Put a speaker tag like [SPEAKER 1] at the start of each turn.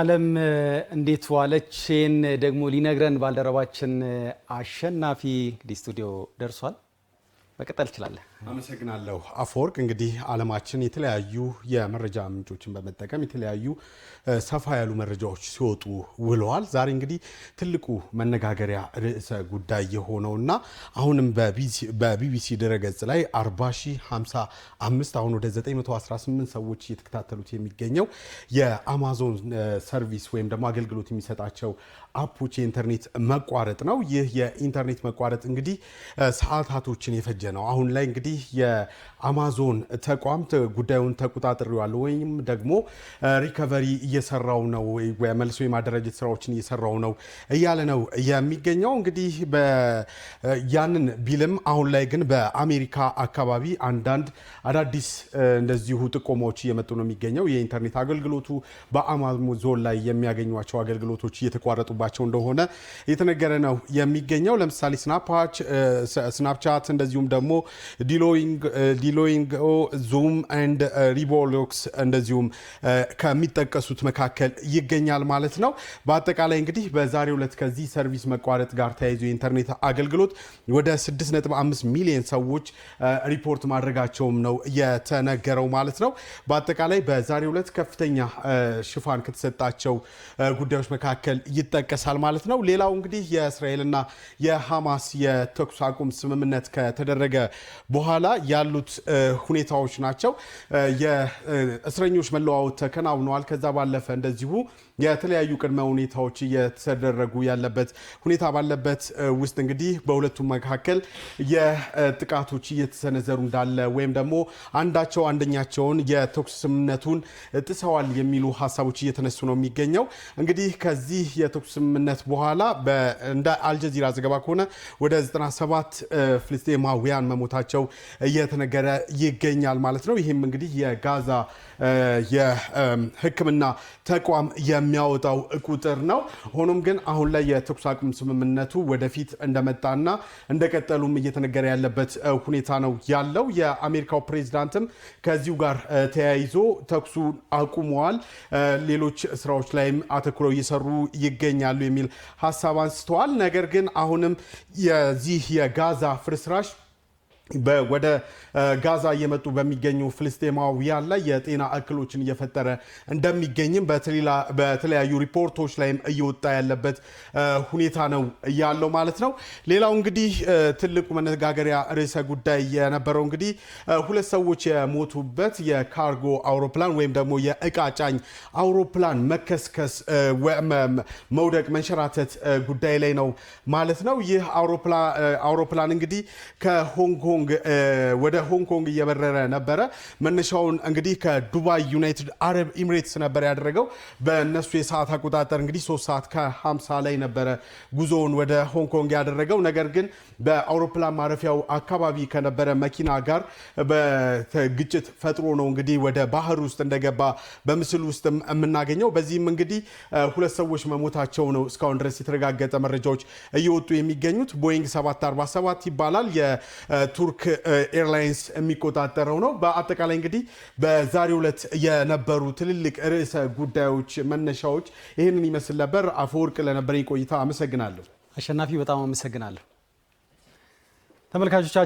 [SPEAKER 1] አለም እንዴት ዋለች? ይህን ደግሞ ሊነግረን ባልደረባችን አሸናፊ እንግዲህ ስቱዲዮ ደርሷል። መቀጠል ትችላለህ።
[SPEAKER 2] አመሰግናለሁ አፈወርቅ። እንግዲህ አለማችን የተለያዩ የመረጃ ምንጮችን በመጠቀም የተለያዩ ሰፋ ያሉ መረጃዎች ሲወጡ ውለዋል። ዛሬ እንግዲህ ትልቁ መነጋገሪያ ርዕሰ ጉዳይ የሆነው እና አሁንም በቢቢሲ ድረገጽ ላይ 4055 አሁን ወደ 918 ሰዎች እየተከታተሉት የሚገኘው የአማዞን ሰርቪስ ወይም ደግሞ አገልግሎት የሚሰጣቸው አፖች የኢንተርኔት መቋረጥ ነው። ይህ የኢንተርኔት መቋረጥ እንግዲህ ሰዓታቶችን የፈጀ እየተዘጋጀ ነው። አሁን ላይ እንግዲህ የአማዞን ተቋም ጉዳዩን ተቆጣጥሬዋለሁ ወይም ደግሞ ሪከቨሪ እየሰራው ነው መልሶ የማደራጀት ስራዎችን እየሰራው ነው እያለ ነው የሚገኘው። እንግዲህ ያንን ቢልም አሁን ላይ ግን በአሜሪካ አካባቢ አንዳንድ አዳዲስ እንደዚሁ ጥቆማዎች እየመጡ ነው የሚገኘው። የኢንተርኔት አገልግሎቱ በአማዞን ላይ የሚያገኟቸው አገልግሎቶች እየተቋረጡባቸው እንደሆነ እየተነገረ ነው የሚገኘው። ለምሳሌ ስናፕቻት እንደዚሁም ደግሞ ዲሎይንጎ ዙም ኤንድ ሪቦሎክስ እንደዚሁም uh, ከሚጠቀሱት መካከል ይገኛል ማለት ነው። በአጠቃላይ እንግዲህ በዛሬው ዕለት ከዚህ ሰርቪስ መቋረጥ ጋር ተያይዞ የኢንተርኔት አገልግሎት ወደ 6.5 ሚሊዮን ሰዎች uh, ሪፖርት ማድረጋቸውም ነው የተነገረው ማለት ነው። በአጠቃላይ በዛሬው ዕለት ከፍተኛ uh, ሽፋን ከተሰጣቸው ጉዳዮች መካከል ይጠቀሳል ማለት ነው። ሌላው እንግዲህ የእስራኤልና የሐማስ የተኩስ አቁም ስምምነት ከተደረገ ከተደረገ በኋላ ያሉት ሁኔታዎች ናቸው። የእስረኞች መለዋወጥ ተከናውነዋል። ከዛ ባለፈ እንደዚሁ የተለያዩ ቅድመ ሁኔታዎች እየተደረጉ ያለበት ሁኔታ ባለበት ውስጥ እንግዲህ በሁለቱም መካከል የጥቃቶች እየተሰነዘሩ እንዳለ ወይም ደግሞ አንዳቸው አንደኛቸውን የተኩስ ስምምነቱን ጥሰዋል የሚሉ ሀሳቦች እየተነሱ ነው የሚገኘው። እንግዲህ ከዚህ የተኩስ ስምምነት በኋላ እንደ አልጀዚራ ዘገባ ከሆነ ወደ 97 ፍልስጤማውያን ሲቪሊያን መሞታቸው እየተነገረ ይገኛል ማለት ነው። ይህም እንግዲህ የጋዛ የሕክምና ተቋም የሚያወጣው ቁጥር ነው። ሆኖም ግን አሁን ላይ የተኩስ አቁም ስምምነቱ ወደፊት እንደመጣና እንደቀጠሉም እየተነገረ ያለበት ሁኔታ ነው ያለው። የአሜሪካው ፕሬዚዳንትም ከዚሁ ጋር ተያይዞ ተኩሱ አቁመዋል፣ ሌሎች ስራዎች ላይም አተኩረው እየሰሩ ይገኛሉ የሚል ሀሳብ አንስተዋል። ነገር ግን አሁንም የዚህ የጋዛ ፍርስራሽ ወደ ጋዛ እየመጡ በሚገኙ ፍልስጤማውያን ላይ የጤና እክሎችን እየፈጠረ እንደሚገኝም በተለያዩ ሪፖርቶች ላይም እየወጣ ያለበት ሁኔታ ነው ያለው ማለት ነው። ሌላው እንግዲህ ትልቁ መነጋገሪያ ርዕሰ ጉዳይ የነበረው እንግዲህ ሁለት ሰዎች የሞቱበት የካርጎ አውሮፕላን ወይም ደግሞ የእቃ ጫኝ አውሮፕላን መከስከስ፣ መውደቅ፣ መንሸራተት ጉዳይ ላይ ነው ማለት ነው። ይህ አውሮፕላን እንግዲህ ከሆንግ ሆንግ ወደ ሆንግ ኮንግ እየበረረ ነበረ። መነሻውን እንግዲህ ከዱባይ ዩናይትድ አረብ ኤሚሬትስ ነበር ያደረገው። በእነሱ የሰዓት አቆጣጠር እንግዲህ ሶስት ሰዓት ከሃምሳ ላይ ነበረ ጉዞውን ወደ ሆንግ ኮንግ ያደረገው። ነገር ግን በአውሮፕላን ማረፊያው አካባቢ ከነበረ መኪና ጋር በግጭት ፈጥሮ ነው እንግዲህ ወደ ባህር ውስጥ እንደገባ በምስል ውስጥ የምናገኘው። በዚህም እንግዲህ ሁለት ሰዎች መሞታቸው ነው እስካሁን ድረስ የተረጋገጠ መረጃዎች እየወጡ የሚገኙት። ቦይንግ 747 ይባላል የቱ ቱርክ ኤርላይንስ eh, የሚቆጣጠረው ነው። በአጠቃላይ እንግዲህ በዛሬው ዕለት የነበሩ ትልልቅ ርዕሰ ጉዳዮች መነሻዎች ይህንን ይመስል ነበር። አፈወርቅ ለነበረኝ ቆይታ አመሰግናለሁ።
[SPEAKER 1] አሸናፊ በጣም አመሰግናለሁ። ተመልካቾቻችን